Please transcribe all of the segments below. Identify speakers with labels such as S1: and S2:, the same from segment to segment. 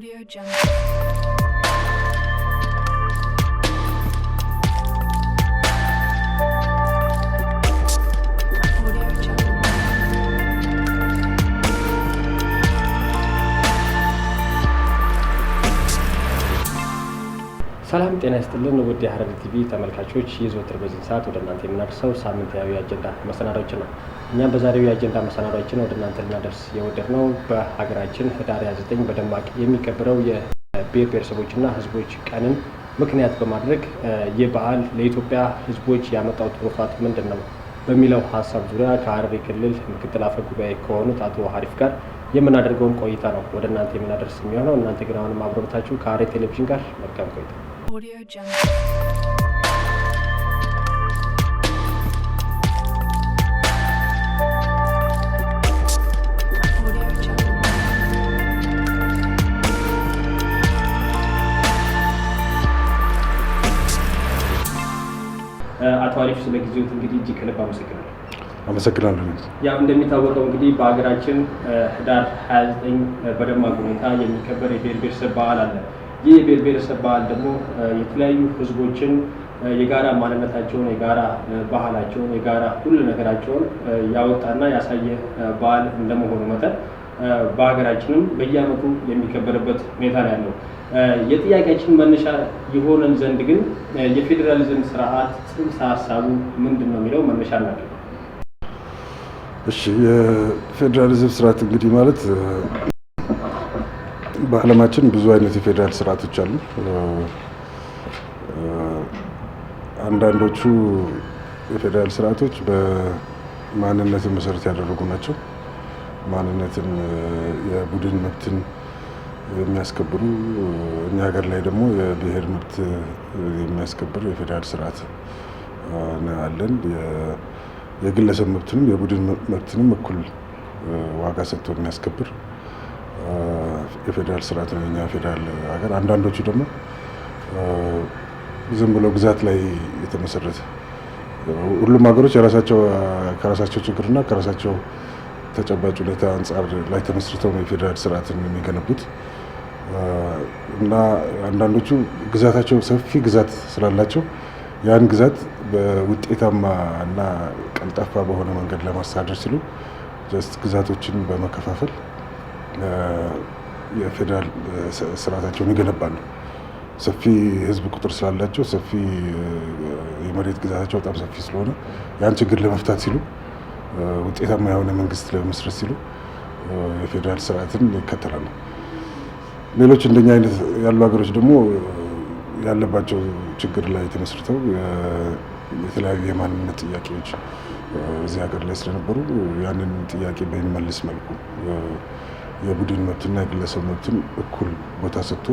S1: Audio Jungle. ሰላም ጤና ይስጥልን ውድ የሀረሪ ቲቪ ተመልካቾች፣ የዘወትር በዚህ ሰዓት ወደ እናንተ የምናደርሰው ሳምንታዊ የአጀንዳ መሰናዳዎችን ነው። እኛም በዛሬው የአጀንዳ መሰናዳዎችን ወደ እናንተ ልናደርስ የወደድ ነው በሀገራችን ህዳር 29 በደማቅ የሚከበረው የብሔር ብሔረሰቦችና ህዝቦች ቀንን ምክንያት በማድረግ ይህ በዓል ለኢትዮጵያ ህዝቦች ያመጣው ትሩፋት ምንድን ነው በሚለው ሀሳብ ዙሪያ ከሀረሪ ክልል ምክትል አፈ ጉባኤ ከሆኑት አቶ ሀሪፍ ጋር የምናደርገውን ቆይታ ነው ወደ እናንተ የምናደርስ የሚሆነው። እናንተ ግን አሁንም አብረብታችሁ ከሐረሪ ቴሌቪዥን ጋር መልካም ቆይታ Audio Jungle. Audio uh, አቶ አሪፍ ስለ ጊዜዎት እንግዲህ እጅግ ከልብ አመሰግናለሁ። አመሰግናለሁ። ያው እንደሚታወቀው እንግዲህ በሀገራችን uh, ህዳር 29 በደማቅ ሁኔታ የሚከበር የብሔር ብሔረሰብ በዓል አለ። ይህ የብሔር ብሔረሰብ ባህል ደግሞ የተለያዩ ህዝቦችን የጋራ ማንነታቸውን፣ የጋራ ባህላቸውን፣ የጋራ ሁሉ ነገራቸውን ያወጣና ያሳየ በዓል እንደመሆኑ መጠን በሀገራችንም በየዓመቱ የሚከበርበት ሁኔታ ነው ያለው። የጥያቄያችን መነሻ የሆነን ዘንድ ግን የፌዴራሊዝም ስርዓት ጽንሰ ሀሳቡ ምንድን ነው የሚለው መነሻ ናቸው።
S2: እሺ የፌዴራሊዝም ስርዓት እንግዲህ ማለት በዓለማችን ብዙ አይነት የፌዴራል ስርዓቶች አሉ። አንዳንዶቹ የፌዴራል ስርዓቶች በማንነትን መሰረት ያደረጉ ናቸው። ማንነትን፣ የቡድን መብትን የሚያስከብሩ እኛ ሀገር ላይ ደግሞ የብሔር መብት የሚያስከብር የፌዴራል ስርዓት አለን። የግለሰብ መብትንም የቡድን መብትንም እኩል ዋጋ ሰጥቶ የሚያስከብር የፌዴራል ስርዓት ነው የኛ ፌዴራል ሀገር። አንዳንዶቹ ደግሞ ዝም ብሎ ግዛት ላይ የተመሰረተ ሁሉም ሀገሮች የራሳቸው ከራሳቸው ችግርና ከራሳቸው ተጨባጭ ሁኔታ አንጻር ላይ ተመስርተው ነው የፌዴራል ስርዓትን የሚገነቡት እና አንዳንዶቹ ግዛታቸው ሰፊ ግዛት ስላላቸው ያን ግዛት በውጤታማ እና ቀልጣፋ በሆነ መንገድ ለማስተዳደር ሲሉ ግዛቶችን በመከፋፈል የፌዴራል ስርዓታቸውን ይገነባሉ። ሰፊ ህዝብ ቁጥር ስላላቸው ሰፊ የመሬት ግዛታቸው በጣም ሰፊ ስለሆነ ያን ችግር ለመፍታት ሲሉ ውጤታማ የሆነ መንግስት ለመስረት ሲሉ የፌዴራል ስርዓትን ይከተላሉ። ሌሎች እንደኛ አይነት ያሉ ሀገሮች ደግሞ ያለባቸው ችግር ላይ ተመስርተው የተለያዩ የማንነት ጥያቄዎች እዚህ ሀገር ላይ ስለነበሩ ያንን ጥያቄ በሚመልስ መልኩ የቡድን መብትና የግለሰብ መብትን እኩል ቦታ ሰጥቶ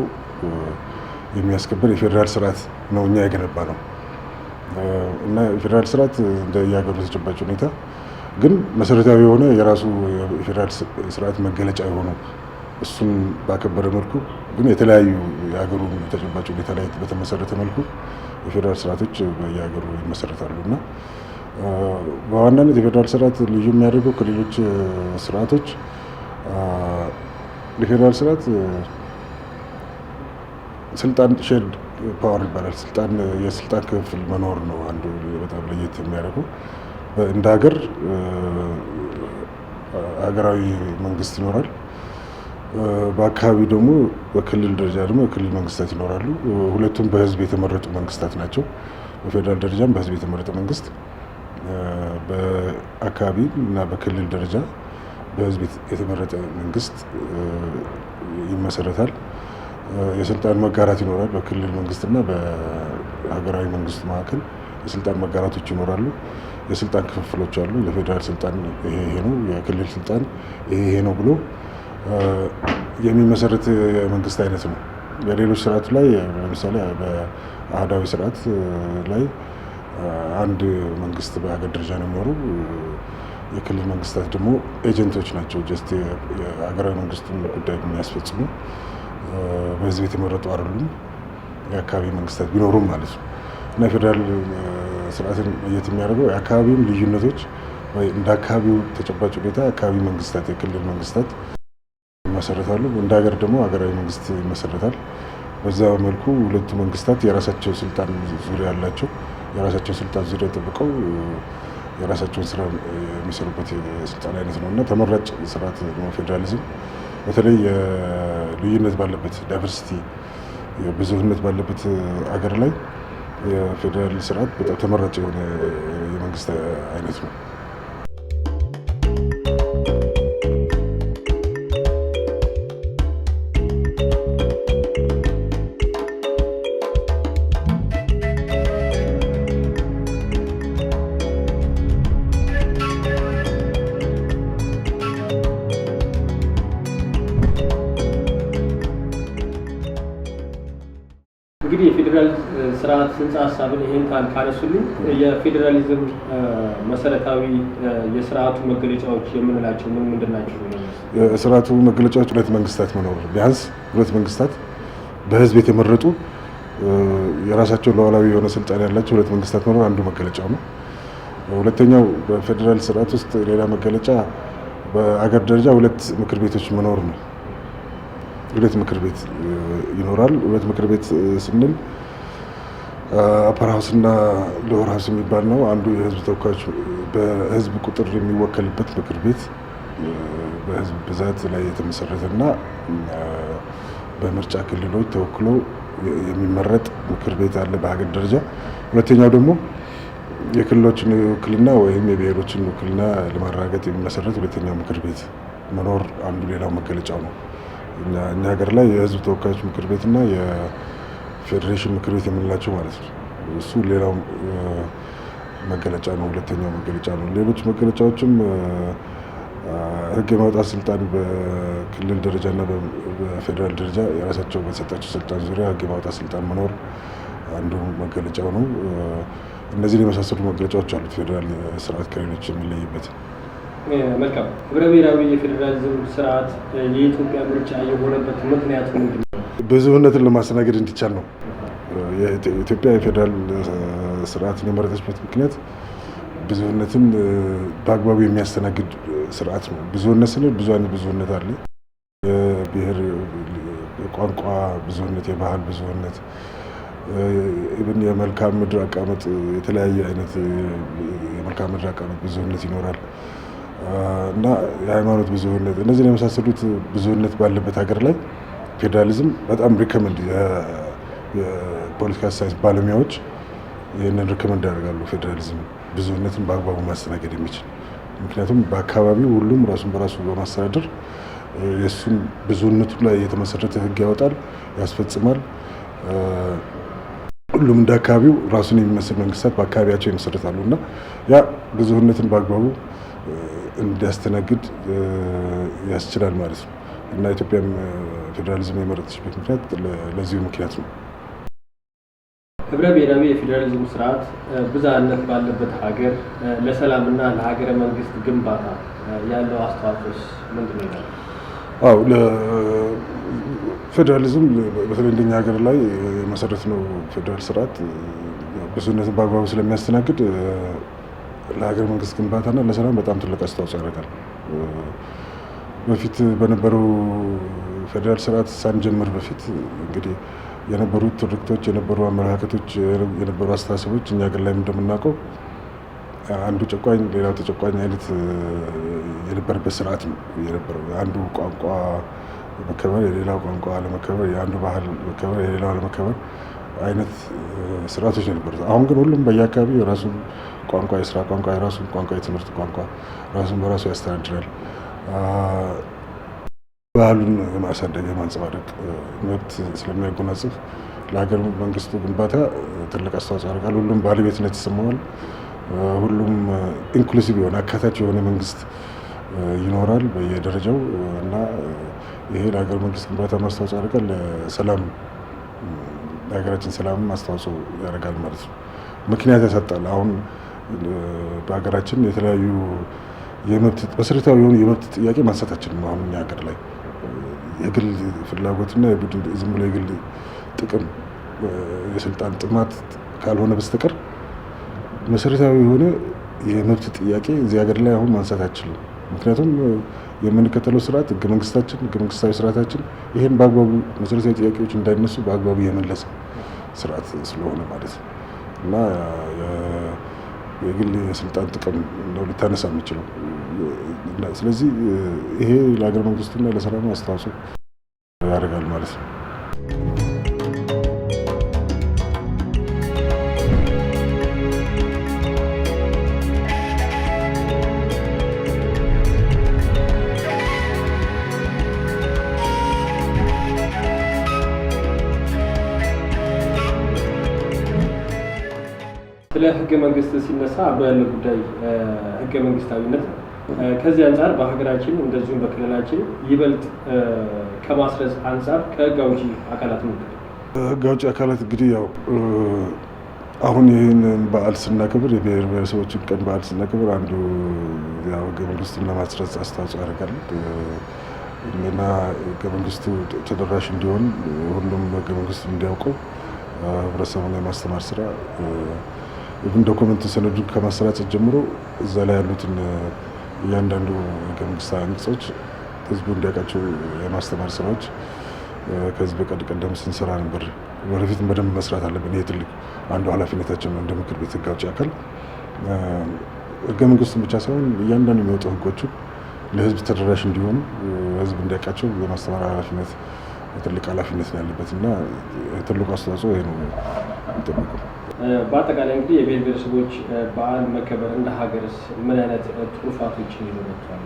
S2: የሚያስከብር የፌዴራል ስርዓት ነው እኛ የገነባ ነው እና የፌዴራል ስርዓት እንደየሀገሩ ተጨባጭ ሁኔታ ግን መሰረታዊ የሆነ የራሱ የፌዴራል ስርዓት መገለጫ የሆኑ እሱን ባከበረ መልኩ ግን የተለያዩ የሀገሩ ተጨባጭ ሁኔታ ላይ በተመሰረተ መልኩ የፌዴራል ስርዓቶች በየሀገሩ ይመሰረታሉ እና በዋናነት የፌዴራል ስርዓት ልዩ የሚያደርገው ከሌሎች ስርዓቶች የፌዴራል ስርዓት ስልጣን ሼርድ ፓወር ይባላል። ስልጣን የስልጣን ክፍል መኖር ነው አንዱ በጣም ለየት የሚያደርገው። እንደ ሀገር ሀገራዊ መንግስት ይኖራል። በአካባቢ ደግሞ በክልል ደረጃ ደግሞ የክልል መንግስታት ይኖራሉ። ሁለቱም በህዝብ የተመረጡ መንግስታት ናቸው። በፌዴራል ደረጃም በህዝብ የተመረጠ መንግስት በአካባቢ እና በክልል ደረጃ በህዝብ የተመረጠ መንግስት ይመሰረታል። የስልጣን መጋራት ይኖራል። በክልል መንግስትና በሀገራዊ መንግስት መካከል የስልጣን መጋራቶች ይኖራሉ። የስልጣን ክፍፍሎች አሉ። የፌዴራል ስልጣን ይሄ ነው፣ የክልል ስልጣን ይሄ ይሄ ነው ብሎ የሚመሰረት የመንግስት አይነት ነው። በሌሎች ስርዓቱ ላይ ለምሳሌ በአህዳዊ ስርዓት ላይ አንድ መንግስት በሀገር ደረጃ ነው የሚኖረው። የክልል መንግስታት ደግሞ ኤጀንቶች ናቸው። ጀስት የሀገራዊ መንግስቱን ጉዳይ የሚያስፈጽሙ በህዝብ የተመረጡ አይደሉም። የአካባቢ መንግስታት ቢኖሩም ማለት ነው እና የፌዴራል ስርዓትን ለየት የሚያደርገው የአካባቢውም ልዩነቶች እንደ አካባቢው ተጨባጭ ሁኔታ አካባቢ መንግስታት የክልል መንግስታት ይመሰረታሉ። እንደ ሀገር ደግሞ ሀገራዊ መንግስት ይመሰረታል። በዛ መልኩ ሁለቱ መንግስታት የራሳቸው ስልጣን ዙሪያ ያላቸው የራሳቸው ስልጣን ዙሪያ ጠብቀው የራሳቸውን ስራ የሚሰሩበት የስልጣን አይነት ነው እና ተመራጭ ስርዓት ነው ፌዴራሊዝም። በተለይ ልዩነት ባለበት ዳይቨርሲቲ ብዙህነት ባለበት አገር ላይ የፌዴራል ስርዓት በጣም ተመራጭ የሆነ የመንግስት አይነት ነው።
S1: ጽንሰ ሀሳብን ይህን ካነሱልኝ የፌዴራሊዝም መሰረታዊ የስርዓቱ መገለጫዎች የምንላቸው ምን ምንድን ናቸው?
S2: የስርዓቱ መገለጫዎች ሁለት መንግስታት መኖር፣ ቢያንስ ሁለት መንግስታት በህዝብ የተመረጡ የራሳቸው ሉዓላዊ የሆነ ስልጣን ያላቸው ሁለት መንግስታት መኖር አንዱ መገለጫው ነው። ሁለተኛው በፌዴራል ስርዓት ውስጥ ሌላ መገለጫ በአገር ደረጃ ሁለት ምክር ቤቶች መኖር ነው። ሁለት ምክር ቤት ይኖራል። ሁለት ምክር ቤት ስንል አፐር ሀውስ እና ሎወር ሀውስ የሚባል ነው። አንዱ የህዝብ ተወካዮች በህዝብ ቁጥር የሚወከልበት ምክር ቤት በህዝብ ብዛት ላይ የተመሰረተና በምርጫ ክልሎች ተወክሎ የሚመረጥ ምክር ቤት አለ በሀገር ደረጃ። ሁለተኛው ደግሞ የክልሎችን ውክልና ወይም የብሔሮችን ውክልና ለማረጋገጥ የሚመሰረት ሁለተኛው ምክር ቤት መኖር አንዱ ሌላው መገለጫው ነው። እኛ ሀገር ላይ የህዝብ ተወካዮች ምክር ቤትና ፌዴሬሽን ምክር ቤት የምንላቸው ማለት ነው። እሱ ሌላው መገለጫ ነው፣ ሁለተኛው መገለጫ ነው። ሌሎች መገለጫዎችም ህግ የማውጣት ስልጣን በክልል ደረጃ እና በፌዴራል ደረጃ የራሳቸው በተሰጣቸው ስልጣን ዙሪያ ህግ የማውጣት ስልጣን መኖር አንዱ መገለጫው ነው። እነዚህን የመሳሰሉ መገለጫዎች አሉት ፌዴራል ስርዓት ከሌሎች የሚለይበት።
S1: መልካም ህብረ ብሔራዊ የፌዴራሊዝም ስርዓት የኢትዮጵያ ምርጫ የሆነበት ምክንያት ምንድን
S2: ብዙህነትን ለማስተናገድ እንዲቻል ነው። ኢትዮጵያ የፌዴራል ስርዓትን የመረጠችበት ምክንያት ብዙነትን በአግባቡ የሚያስተናግድ ስርዓት ነው። ብዙነት ስንል ብዙ አይነት ብዙነት አለ። የብሔር የቋንቋ ብዙነት የባህል ብዙህነት፣ የመልክዓ ምድር አቀማመጥ የተለያየ አይነት የመልካም ምድር አቀማመጥ ብዙነት ይኖራል እና የሃይማኖት ብዙነት እነዚህን የመሳሰሉት ብዙነት ባለበት ሀገር ላይ ፌዴራሊዝም በጣም ሪከመንድ የፖለቲካ ሳይንስ ባለሙያዎች ይህንን ሪከመንድ ያደርጋሉ። ፌዴራሊዝም ብዙነትን በአግባቡ ማስተናገድ የሚችል ምክንያቱም በአካባቢው ሁሉም ራሱን በራሱ በማስተዳደር የእሱን ብዙነቱ ላይ የተመሰረተ ህግ ያወጣል፣ ያስፈጽማል። ሁሉም እንደ አካባቢው ራሱን የሚመስል መንግስታት በአካባቢያቸው ይመሰረታሉ እና ያ ብዙነትን በአግባቡ እንዲያስተናግድ ያስችላል ማለት ነው። እና ኢትዮጵያም ፌዴራሊዝም የመረጠችበት ምክንያት ለዚሁ ምክንያት ነው።
S1: ህብረ ብሔራዊ የፌዴራሊዝም ስርዓት ብዝሃነት ባለበት ሀገር ለሰላምና ለሀገረ መንግስት ግንባታ ያለው አስተዋጽኦስ ምንድን ነው?
S2: አው ለፌዴራሊዝም በተለይ እንደኛ ሀገር ላይ መሰረት ነው ፌዴራል ስርዓት ብዙነትን በአግባቡ ስለሚያስተናግድ ለሀገር መንግስት ግንባታና ለሰላም በጣም ትልቅ አስተዋጽኦ ያደርጋል። በፊት በነበረው ፌዴራል ስርዓት ሳንጀምር በፊት እንግዲህ የነበሩ ትርክቶች፣ የነበሩ አመለካከቶች፣ የነበሩ አስተሳሰቦች እኛ ሀገር ላይ እንደምናውቀው አንዱ ጨቋኝ ሌላው ተጨቋኝ አይነት የነበረበት ስርዓት ነው የነበረው። አንዱ ቋንቋ መከበር፣ የሌላው ቋንቋ አለመከበር፣ የአንዱ ባህል መከበር፣ የሌላው አለመከበር አይነት ስርዓቶች የነበሩት። አሁን ግን ሁሉም በየአካባቢው የራሱን ቋንቋ፣ የስራ ቋንቋ፣ የራሱን ቋንቋ፣ የትምህርት ቋንቋ ራሱን በራሱ ያስተዳድራል። ባህሉን የማሳደግ የማንጸባረቅ መብት ስለሚያጎናጽፍ ለሀገር መንግስቱ ግንባታ ትልቅ አስተዋጽኦ ያደርጋል። ሁሉም ባለቤትነት ይሰማዋል። ሁሉም ኢንክሉሲቭ የሆነ አካታች የሆነ መንግስት ይኖራል በየደረጃው እና ይሄ ለሀገር መንግስት ግንባታ ማስተዋጽኦ ያደርጋል። ለሰላም ለሀገራችን ሰላም አስተዋጽኦ ያደርጋል ማለት ነው። ምክንያት ያሳጣል። አሁን በሀገራችን የተለያዩ መሰረታዊ የሆኑ የመብት ጥያቄ ማንሳታችን ነው። አሁን ሀገር ላይ የግል ፍላጎትና የቡድን ዝም ብሎ የግል ጥቅም የስልጣን ጥማት ካልሆነ በስተቀር መሰረታዊ የሆነ የመብት ጥያቄ እዚህ ሀገር ላይ አሁን ማንሳት አይችልም። ምክንያቱም የምንከተለው ስርዓት ህገ መንግስታችን ህገ መንግስታዊ ስርዓታችን ይህን በአግባቡ መሰረታዊ ጥያቄዎች እንዳይነሱ በአግባቡ የመለሰ ስርዓት ስለሆነ ማለት ነው እና የግል የስልጣን ጥቅም እንደው ሊታነሳ የሚችለው። ስለዚህ ይሄ ለሀገር መንግስትና ለሰላም አስተዋጽኦ ያደርጋል ማለት ነው።
S1: ህገ መንግስት ሲነሳ በል ጉዳይ ህገ መንግስታዊነት ነው። ከዚህ አንጻር በሀገራችን እንደዚሁም በክልላችን ይበልጥ ከማስረጽ አንጻር ከህግ አውጪ አካላት ነው።
S2: ህግ አውጪ አካላት እንግዲህ ያው አሁን ይህን በዓል ስናክብር የብሔር ብሔረሰቦችን ቀን በዓል ስናክብር አንዱ ያው ህገ ለማስረጽ አስተዋጽኦ ያደርጋል እና ህገ መንግስቱ ተደራሽ እንዲሆን ሁሉም ህገ መንግስቱን እንዲያውቀው ህብረተሰቡን የማስተማር ስራ ኢቭን ዶኩመንት ሰነዱ ከማሰራጨት ጀምሮ እዛ ላይ ያሉትን እያንዳንዱ ህገ መንግስት አንቀጾች ህዝቡ እንዲያውቃቸው የማስተማር ስራዎች ከህዝብ በቀድ ቀደም ስንሰራ ነበር። ወደፊት በደንብ መስራት አለብን። ይሄ ትልቅ አንዱ ኃላፊነታችን ነው እንደ ምክር ቤት ህግ አውጪ አካል ህገ መንግስቱን ብቻ ሳይሆን እያንዳንዱ የሚወጡ ህጎቹ ለህዝብ ተደራሽ እንዲሆኑ ህዝብ እንዲያውቃቸው የማስተማር ኃላፊነት ትልቅ ኃላፊነት ነው ያለበት እና ትልቁ አስተዋጽኦ ይሄ ነው የሚጠበቀው።
S1: በአጠቃላይ እንግዲህ የብሔር ብሔረሰቦች በዓል መከበር እንደ ሀገርስ ምን አይነት ትሩፋቶችን ይዞ መጥቷል?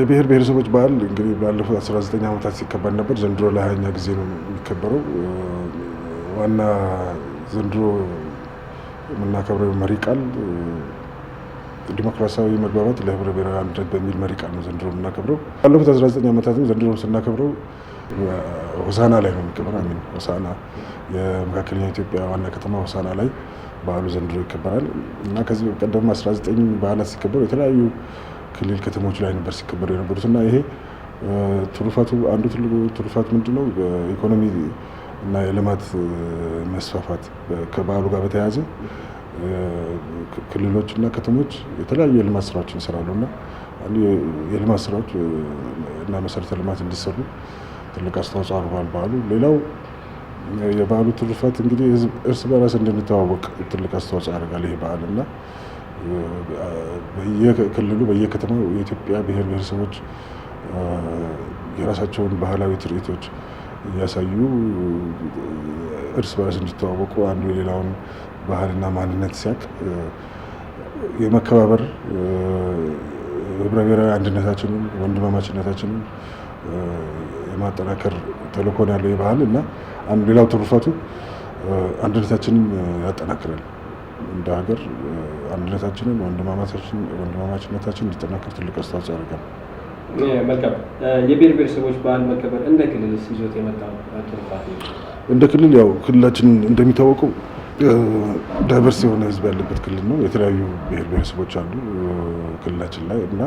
S2: የብሔር ብሔረሰቦች በዓል እንግዲህ ባለፉት 19 ዓመታት ሲከበር ነበር። ዘንድሮ ለሀያኛ ጊዜ ነው የሚከበረው። ዋና ዘንድሮ የምናከብረው መሪ ቃል ዲሞክራሲያዊ መግባባት ለህብረ ብሔራዊ አንድነት በሚል መሪ ቃል ነው ዘንድሮ የምናከብረው። ባለፉት 19 ዓመታትም ዘንድሮ ስናከብረው ሆሳና ላይ ነው የሚከበረው። አሚን ሆሳና የመካከለኛ ኢትዮጵያ ዋና ከተማ ሆሳና ላይ በዓሉ ዘንድሮ ይከበራል እና ከዚህ ቀደም 19 በዓላት ሲከበሩ የተለያዩ ክልል ከተሞች ላይ ነበር ሲከበሩ የነበሩት እና ይሄ ትሩፋቱ አንዱ ትልቁ ትሩፋት ምንድነው? ኢኮኖሚ እና የልማት መስፋፋት ከበዓሉ ጋር በተያያዘ ክልሎች እና ከተሞች የተለያዩ የልማት ስራዎችን ይሰራሉ እና የልማት ስራዎች እና መሰረተ ልማት እንዲሰሩ ትልቅ አስተዋጽኦ አድርጓል በዓሉ። ሌላው የበዓሉ ትሩፋት እንግዲህ እርስ በራስ እንድንተዋወቅ ትልቅ አስተዋጽኦ ያደርጋል ይህ በዓል እና በየክልሉ በየከተማው የኢትዮጵያ ብሔር ብሔረሰቦች የራሳቸውን ባህላዊ ትርኢቶች እያሳዩ እርስ በራስ እንዲተዋወቁ አንዱ የሌላውን ባህልና ማንነት ሲያቅ የመከባበር ህብረ ብሔራዊ አንድነታችንን ወንድማማችነታችንን የማጠናከር ተልእኮ ነው ያለው የባህል እና ሌላው ትሩፋቱ አንድነታችንን ያጠናክራል። እንደ ሀገር አንድነታችንን ወንድማማችነታችንን እንዲጠናከር ትልቅ አስተዋጽኦ ያደርጋል።
S1: መልካም የብሔር ብሔረሰቦች በዓል መከበር እንደ ክልል ይዞት ትሩፋት
S2: እንደ ክልል ያው ክልላችን እንደሚታወቀው ዳይቨርስ የሆነ ህዝብ ያለበት ክልል ነው። የተለያዩ ብሔር ብሔረሰቦች አሉ ክልላችን ላይ እና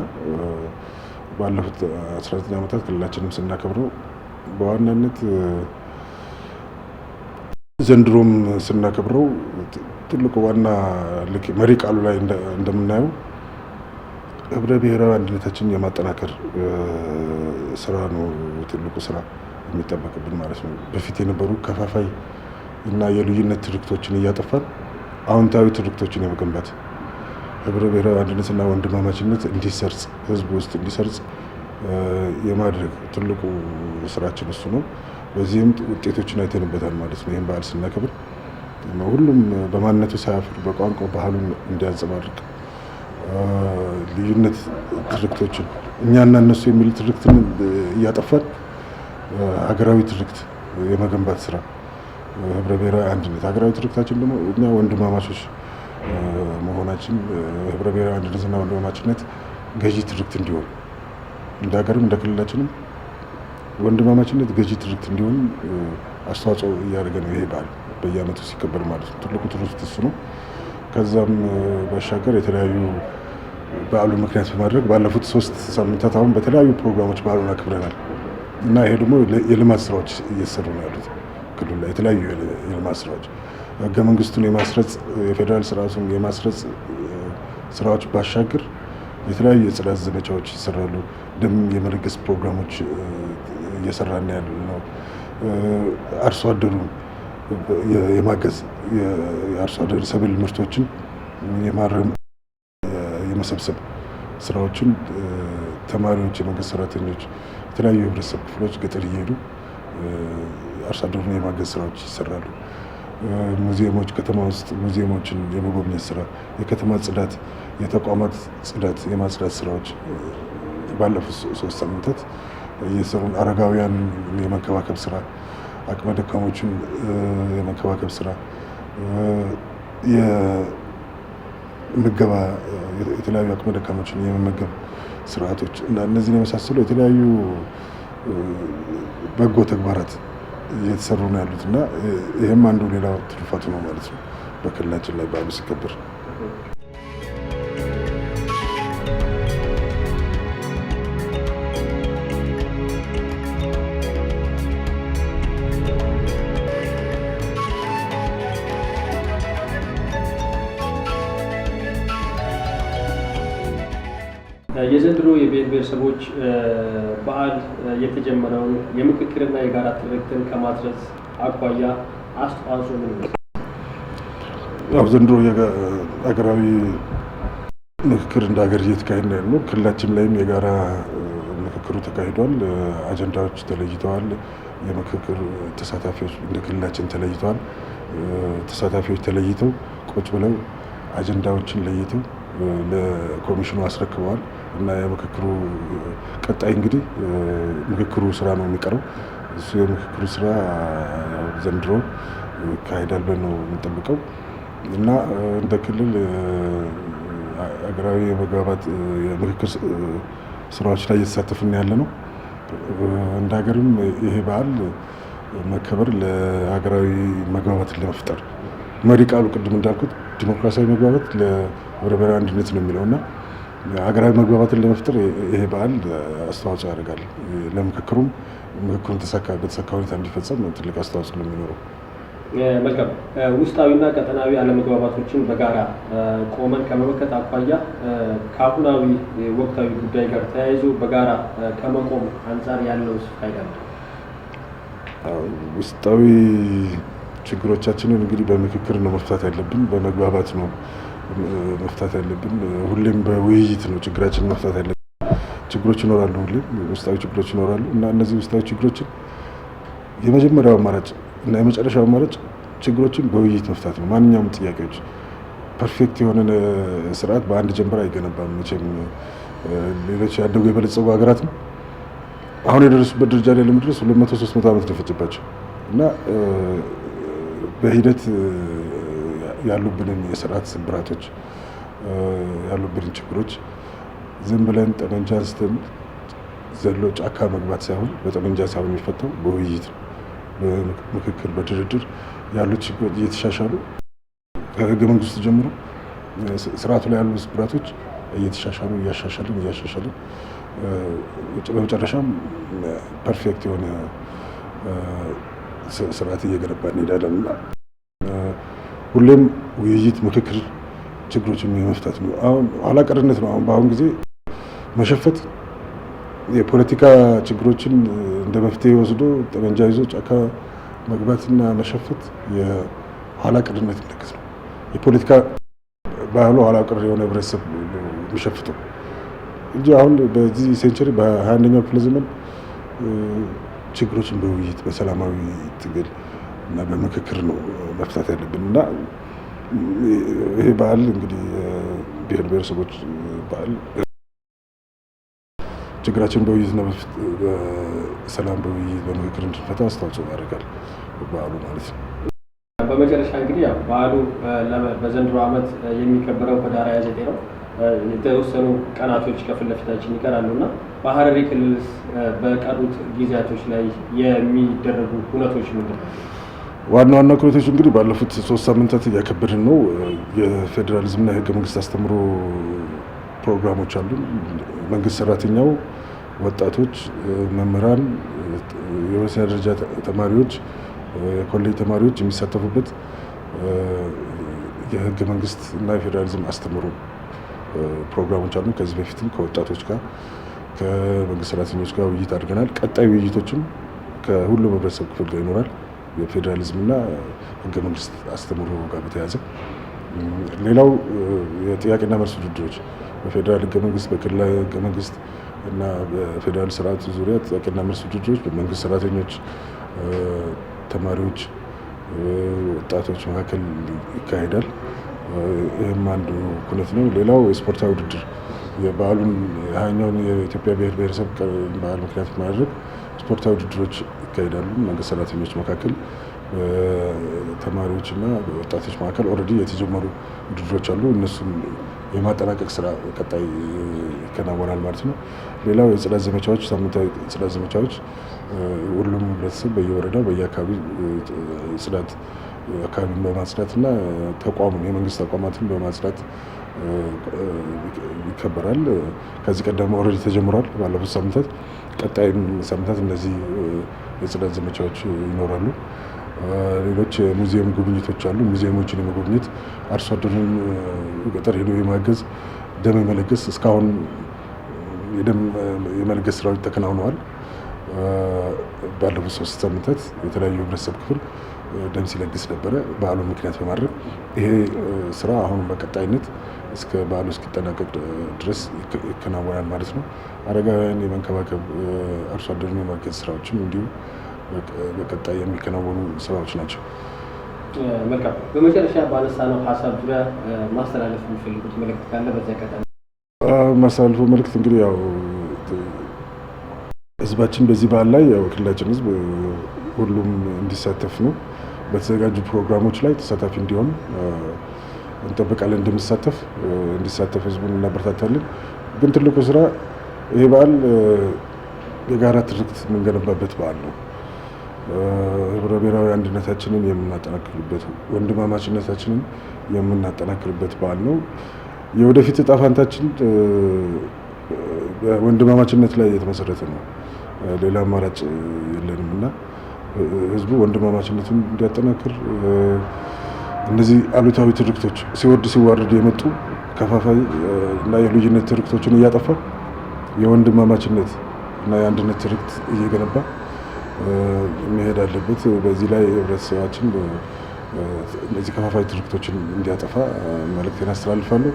S2: ባለፉት 19 ዓመታት ክልላችንም ስናከብረው በዋናነት ዘንድሮም ስናከብረው ትልቁ ዋና መሪ ቃሉ ላይ እንደምናየው ህብረ ብሔራዊ አንድነታችን የማጠናከር ስራ ነው ትልቁ ስራ የሚጠበቅብን ማለት ነው። በፊት የነበሩ ከፋፋይ እና የልዩነት ትርክቶችን እያጠፋን አዎንታዊ ትርክቶችን የመገንባት ህብረ ብሔራዊ አንድነትና ወንድማማችነት እንዲሰርጽ ህዝብ ውስጥ እንዲሰርጽ የማድረግ ትልቁ ስራችን እሱ ነው። በዚህም ውጤቶችን አይተንበታል ማለት ነው። ይህም በዓል ስናከብር ሁሉም በማንነቱ ሳያፍር በቋንቋ ባህሉን እንዲያንጸባርቅ ልዩነት ትርክቶችን እኛና እነሱ የሚል ትርክትን እያጠፋን ሀገራዊ ትርክት የመገንባት ስራ ህብረ ብሔራዊ አንድነት ሀገራዊ ትርክታችን ደግሞ እኛ ወንድማማቾች መሆናችን ህብረ ብሔራዊ አንድነትና ወንድማማችነት ገዢ ትርክት እንዲሆን እንደ ሀገርም እንደ ክልላችንም ወንድማማችነት ገዢ ትርክት እንዲሆን አስተዋጽኦ እያደረገ ነው በዓል በየአመቱ ሲከበር ማለት ነው። ትልቁ ትርክት እሱ ነው። ከዛም ባሻገር የተለያዩ በዓሉ ምክንያት በማድረግ ባለፉት ሶስት ሳምንታት አሁን በተለያዩ ፕሮግራሞች በዓሉን አክብረናል እና ይሄ ደግሞ የልማት ስራዎች እየተሰሩ ነው ያሉት ክልሉ ላይ የተለያዩ የልማት ስራዎች ህገ መንግስቱን የማስረጽ የፌዴራል ስርዓቱን የማስረጽ ስራዎች ባሻገር የተለያዩ የጽዳት ዘመቻዎች ይሰራሉ። ደም የመለገስ ፕሮግራሞች እየሰራን ያለ ነው። አርሶ አደሩን የማገዝ የአርሶ አደር ሰብል ምርቶችን የማረም የመሰብሰብ ስራዎችን ተማሪዎች፣ የመንግስት ሰራተኞች፣ የተለያዩ የህብረተሰብ ክፍሎች ገጠር እየሄዱ አርሶ አደሩን የማገዝ ስራዎች ይሰራሉ። ሙዚየሞች ከተማ ውስጥ ሙዚየሞችን የመጎብኘት ስራ፣ የከተማ ጽዳት፣ የተቋማት ጽዳት፣ የማጽዳት ስራዎች ባለፉት ሶስት ሳምንታት እየሰሩን፣ አረጋውያን የመንከባከብ ስራ፣ አቅመ ደካሞችን የመንከባከብ ስራ፣ የምገባ የተለያዩ አቅመ ደካሞችን የመመገብ ስርዓቶች እና እነዚህን የመሳሰሉ የተለያዩ በጎ ተግባራት እየተሰሩ ነው ያሉት እና ይህም አንዱ ሌላው ትሩፋቱ ነው ማለት ነው በክልላችን ላይ በዓሉ ሲከበር
S1: የዘንድሮ የብሔር ብሔረሰቦች በዓል የተጀመረውን የምክክርና የጋራ ትርክትን ከማድረስ አኳያ አስተዋጽኦ ምን ይመስላል?
S2: ያው ዘንድሮ ሀገራዊ ምክክር እንደ ሀገር እየተካሄድ ነው ያለው። ክልላችን ላይም የጋራ ምክክሩ ተካሂዷል። አጀንዳዎች ተለይተዋል። የምክክር ተሳታፊዎች እንደ ክልላችን ተለይተዋል። ተሳታፊዎች ተለይተው ቁጭ ብለው አጀንዳዎችን ለይተው ለኮሚሽኑ አስረክበዋል። እና የምክክሩ ቀጣይ እንግዲህ ምክክሩ ስራ ነው የሚቀረው። እሱ የምክክሩ ስራ ዘንድሮ ይካሄዳል ብለን ነው የምንጠብቀው እና እንደ ክልል ሀገራዊ የመግባባት የምክክር ስራዎች ላይ እየተሳተፍን ያለ ነው። እንደ ሀገርም ይሄ በዓል መከበር ለሀገራዊ መግባባትን ለመፍጠር መሪ ቃሉ ቅድም እንዳልኩት ዲሞክራሲያዊ መግባባት ለብሔራዊ አንድነት ነው የሚለው እና ሀገራዊ መግባባትን ለመፍጠር ይሄ በዓል አስተዋጽኦ ያደርጋል። ለምክክሩም ምክክሩን በተሳካ ሁኔታ እንዲፈጸም ትልቅ አስተዋጽኦ ለሚኖረው
S1: መልካም ውስጣዊና ቀጠናዊ አለመግባባቶችን በጋራ ቆመን ከመመከት አኳያ ከአሁናዊ ወቅታዊ ጉዳይ ጋር ተያይዞ በጋራ ከመቆም አንጻር ያለው ስፋይዳ
S2: ውስጣዊ ችግሮቻችንን እንግዲህ በምክክር ነው መፍታት ያለብን፣ በመግባባት ነው መፍታት ያለብን። ሁሌም በውይይት ነው ችግራችን መፍታት ያለብን። ችግሮች ይኖራሉ፣ ሁሌም ውስጣዊ ችግሮች ይኖራሉ እና እነዚህ ውስጣዊ ችግሮችን የመጀመሪያው አማራጭ እና የመጨረሻው አማራጭ ችግሮችን በውይይት መፍታት ነው። ማንኛውም ጥያቄዎች ፐርፌክት የሆነ ስርዓት በአንድ ጀንበር አይገነባም። መቼም ሌሎች ያደጉ የበለጸጉ ሀገራት ነው አሁን የደረሱበት ደረጃ ላይ ለመድረስ ሁለት መቶ ሶስት መቶ ዓመት ደፈጀባቸው እና በሂደት ያሉብንን የስርዓት ስብራቶች ያሉብንን ችግሮች ዝም ብለን ጠመንጃ አንስተን ዘሎ ጫካ መግባት ሳይሆን በጠመንጃ ሳይሆን የሚፈታው በውይይት ምክክር በድርድር ያሉ ችግሮች እየተሻሻሉ ከህገ መንግስቱ ጀምሮ ስርዓቱ ላይ ያሉ ስብራቶች እየተሻሻሉ እያሻሻልን እያሻሻልን በመጨረሻም ፐርፌክት የሆነ ስርዓት እየገነባ እንሄዳለን እና ሁሌም ውይይት፣ ምክክር ችግሮችን የመፍታት ነው። አሁን ኋላ ቀርነት ነው። አሁን በአሁን ጊዜ መሸፈት የፖለቲካ ችግሮችን እንደ መፍትሄ ወስዶ ጠመንጃ ይዞ ጫካ መግባትና መሸፈት የኋላ ቀርነት ምልክት ነው። የፖለቲካ ባህሉ ኋላ ቀር የሆነ ህብረተሰብ የሚሸፍተው እንጂ አሁን በዚህ ሴንቸሪ በሀያ አንደኛው ክፍለ ዘመን ችግሮችን በውይይት በሰላማዊ ትግል እና በምክክር ነው መፍታት ያለብን እና ይሄ በዓል እንግዲህ ብሔር ብሔረሰቦች በዓል ችግራችን በውይይት በሰላም በውይይት በምክክር እንድንፈታ አስተዋጽኦ ያደርጋል በዓሉ ማለት ነው።
S1: በመጨረሻ እንግዲህ ያው በዓሉ በዘንድሮ ዓመት የሚከበረው ከዳር 29 ነው። የተወሰኑ ቀናቶች ከፊት ለፊታችን ይቀራሉ እና በሀረሪ ክልል በቀሩት ጊዜያቶች ላይ የሚደረጉ ሁነቶች ምንድን ነው?
S2: ዋና ዋና ኩነቶች እንግዲህ ባለፉት ሶስት ሳምንታት እያከበድን ነው። የፌዴራሊዝምና የህገ መንግስት አስተምሮ ፕሮግራሞች አሉ። መንግስት ሰራተኛው፣ ወጣቶች፣ መምህራን፣ የሁለተኛ ደረጃ ተማሪዎች፣ የኮሌጅ ተማሪዎች የሚሳተፉበት የህገ መንግስት እና የፌዴራሊዝም አስተምሮ ፕሮግራሞች አሉ። ከዚህ በፊትም ከወጣቶች ጋር ከመንግስት ሰራተኞች ጋር ውይይት አድርገናል። ቀጣይ ውይይቶችም ከሁሉም ህብረተሰብ ክፍል ጋር ይኖራል። የፌዴራሊዝምና ህገ መንግስት አስተምሮ ጋር በተያያዘ ሌላው የጥያቄና መልስ ውድድሮች በፌዴራል ህገ መንግስት፣ በክልላዊ ህገ መንግስት እና በፌዴራል ስርዓት ዙሪያ ጥያቄና መልስ ውድድሮች በመንግስት ሰራተኞች፣ ተማሪዎች፣ ወጣቶች መካከል ይካሄዳል። ይህም አንዱ ኩነት ነው። ሌላው የስፖርታዊ ውድድር የበዓሉን የሀያኛውን የኢትዮጵያ ብሔር ብሔረሰብ በዓል ምክንያት ማድረግ ስፖርታዊ ውድድሮች ይካሄዳሉ። መንግስት ሰራተኞች መካከል ተማሪዎችና ወጣቶች መካከል ኦልሬዲ የተጀመሩ ውድድሮች አሉ። እነሱም የማጠናቀቅ ስራ ቀጣይ ይከናወናል ማለት ነው። ሌላው የጽዳት ዘመቻዎች፣ ሳምንታዊ ጽዳት ዘመቻዎች ሁሉም ህብረተሰብ በየወረዳው በየአካባቢ ጽዳት አካባቢን በማጽዳት እና ተቋሙን የመንግስት ተቋማትን በማጽዳት ይከበራል። ከዚህ ቀደም ኦልሬዲ ተጀምሯል ባለፉት ሳምንታት ቀጣይም ሳምንታት እነዚህ የጽዳት ዘመቻዎች ይኖራሉ። ሌሎች የሙዚየም ጉብኝቶች አሉ። ሙዚየሞችን የመጎብኘት አርሶ አደሩን ገጠር ሄዶ የማገዝ ደም የመለገስ እስካሁን የደም የመለገስ ስራዎች ተከናውነዋል። ባለፉት ሶስት ሳምንታት የተለያዩ ህብረተሰብ ክፍል ደም ሲለግስ ነበረ በዓሉን ምክንያት በማድረግ ይሄ ስራ አሁን በቀጣይነት እስከ በዓሉ እስኪጠናቀቅ ድረስ ይከናወናል ማለት ነው። አረጋውያን የመንከባከብ አርሶ አደሩን የማገዝ ስራዎችም እንዲሁ በቀጣይ የሚከናወኑ ስራዎች ናቸው።
S1: መልካም። በመጨረሻ ባነሳነው ሀሳብ ዙሪያ ማስተላለፍ የሚፈልጉት መልእክት ካለ በዚያ አጋጣሚ
S2: ማስተላለፈው መልእክት እንግዲህ ያው ህዝባችን በዚህ በዓል ላይ ያው ክልላችን ህዝብ ሁሉም እንዲሳተፍ ነው። በተዘጋጁ ፕሮግራሞች ላይ ተሳታፊ እንዲሆን እንጠብቃለን እንደሚሳተፍ እንዲሳተፍ ህዝቡን እናበረታታለን። ግን ትልቁ ስራ ይህ በዓል የጋራ ትርክት የምንገነባበት በዓል ነው። ህብረ ብሔራዊ አንድነታችንን የምናጠናክርበት፣ ወንድማማችነታችንን የምናጠናክርበት በዓል ነው። የወደፊት እጣ ፋንታችን ወንድማማችነት ላይ የተመሰረተ ነው። ሌላ አማራጭ የለንም እና ህዝቡ ወንድማማችነቱን እንዲያጠናክር እነዚህ አሉታዊ ትርክቶች ሲወርድ ሲዋረድ የመጡ ከፋፋይ እና የልዩነት ትርክቶችን እያጠፋ የወንድማማችነት እና የአንድነት ትርክት እየገነባ መሄድ አለበት። በዚህ ላይ ህብረተሰባችን እነዚህ ከፋፋይ ትርክቶችን እንዲያጠፋ መልእክቴን አስተላልፋለሁ።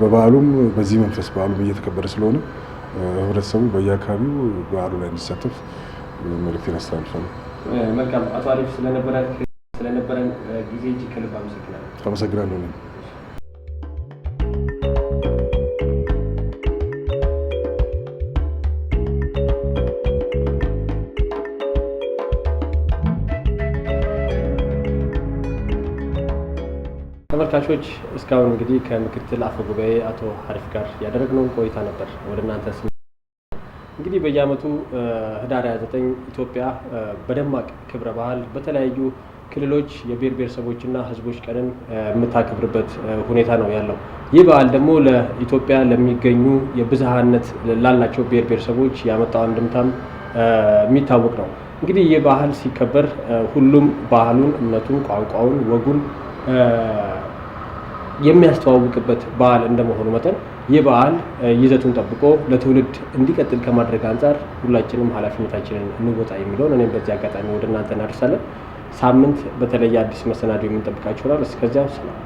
S2: በበዓሉም በዚህ መንፈስ በዓሉም እየተከበረ ስለሆነ ህብረተሰቡ በየአካባቢው በዓሉ ላይ እንዲሳተፍ መልእክቴን አስተላልፋለሁ።
S1: መልካም አቶ አሪፍ ስለነበረ ስለነበረን ጊዜ እጅግ ከልብ አመሰግናለሁ። አመሰግናለሁ። ተመልካቾች እስካሁን እንግዲህ ከምክትል አፈ ጉባኤ አቶ ሀሪፍ ጋር ያደረግነውን ቆይታ ነበር ወደ እናንተ እንግዲህ በየዓመቱ ህዳር 29 ኢትዮጵያ በደማቅ ክብረ ባህል በተለያዩ ክልሎች የብሔር ብሔረሰቦችና ህዝቦች ቀንን የምታከብርበት ሁኔታ ነው ያለው። ይህ በዓል ደግሞ ለኢትዮጵያ ለሚገኙ የብዝሃነት ላላቸው ብሔር ብሔረሰቦች ያመጣው አንድምታም የሚታወቅ ነው። እንግዲህ ይህ ባህል ሲከበር ሁሉም ባህሉን፣ እምነቱን፣ ቋንቋውን፣ ወጉን የሚያስተዋውቅበት በዓል እንደመሆኑ መጠን ይህ በዓል ይዘቱን ጠብቆ ለትውልድ እንዲቀጥል ከማድረግ አንጻር ሁላችንም ኃላፊነታችንን እንወጣ የሚለውን እኔም በዚህ አጋጣሚ ወደ እናንተ እናደርሳለን። ሳምንት በተለየ አዲስ መሰናዶ የምንጠብቃችሁ ይሆናል። እስከዚያ ሰላም።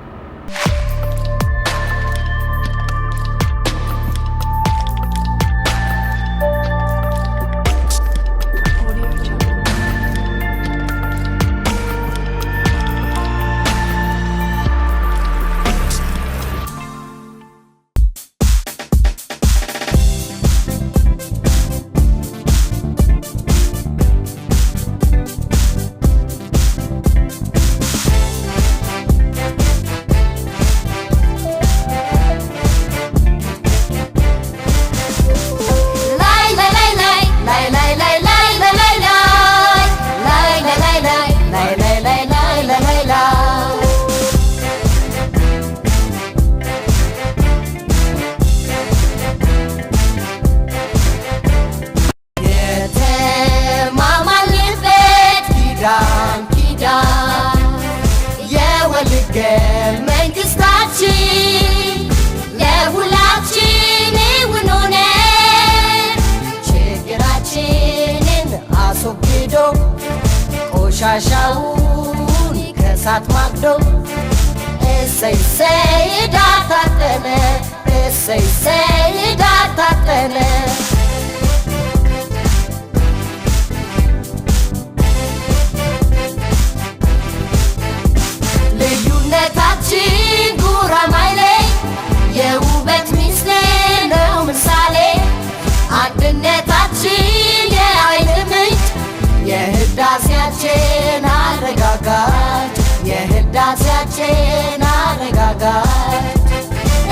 S1: ልቤን አረጋጋት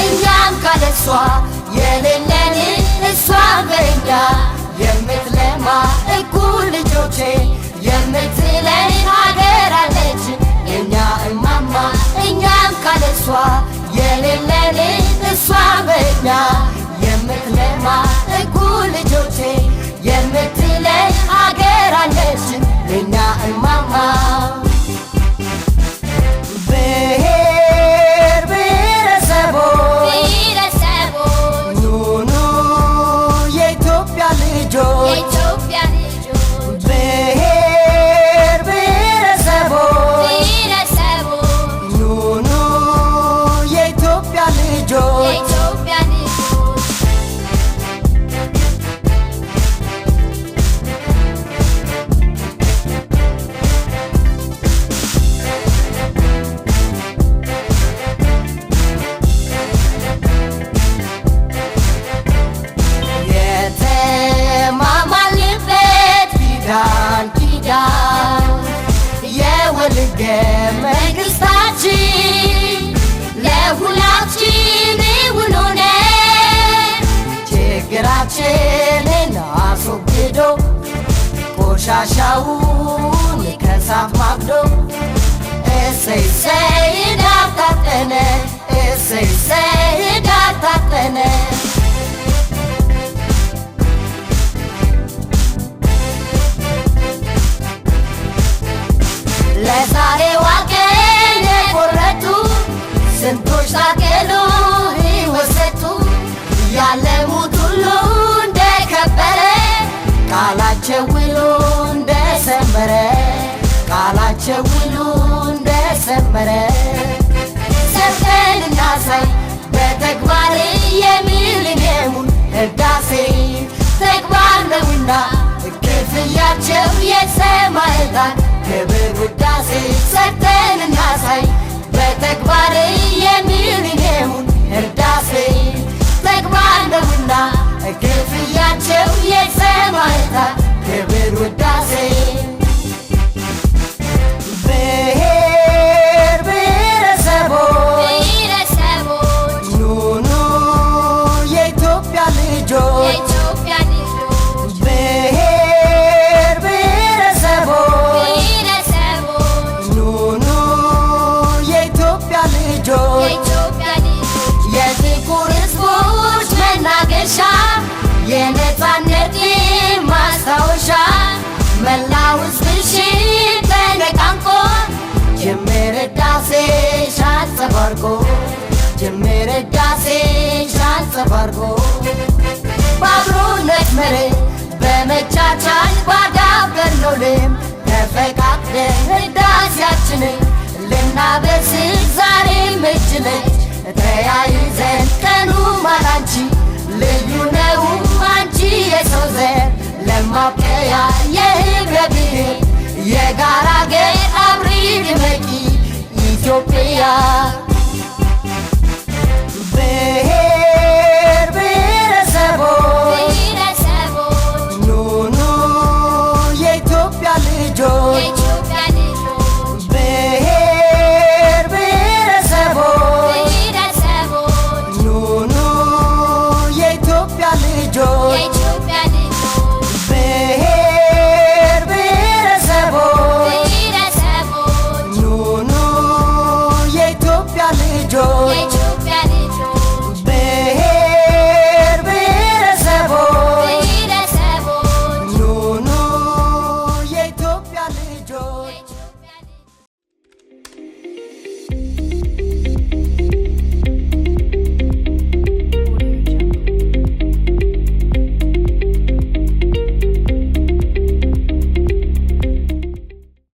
S1: እኛም ካለሷ የሌለን እሷ በእኛ የምትለማ እኩል ልጆቼ የምትለን ሀገር አለች የእኛ እማማ እኛም ካለሷ የሌለን እሷ በእኛ የምትለማ እኩል ልጆቼ የምትለን ሀገር አለች የእኛ እማማ ጀመረ። ሰብከን እናሳይ በተግባር የሚሊኒየሙን ህዳሴ ተግባር ነውና ክፍያቸው የሰማዕታት ክብር ውዳሴ። ሰርተን እናሳይ በተግባር የሚሊኒየሙን ህዳሴ ተግባር ነውና ክፍያቸው የሰማዕታት ክብር ውዳሴ አንጸባርቆ ጅምር እዳሴሽ አንጸባርቆ ባብሮነት መሬ በመቻቻል ባዳበርነው ልም ተፈቃቅደን እዳሴያችንን ልናበስር ዛሬ ምችለች ተያይዘን ቀኑ ማላንቺ ልዩ ነው አንቺ የሰው ዘር ለማብቀያ የህብረ ብሔር የጋራ ገር አብሪ ድመቂ ኢትዮጵያ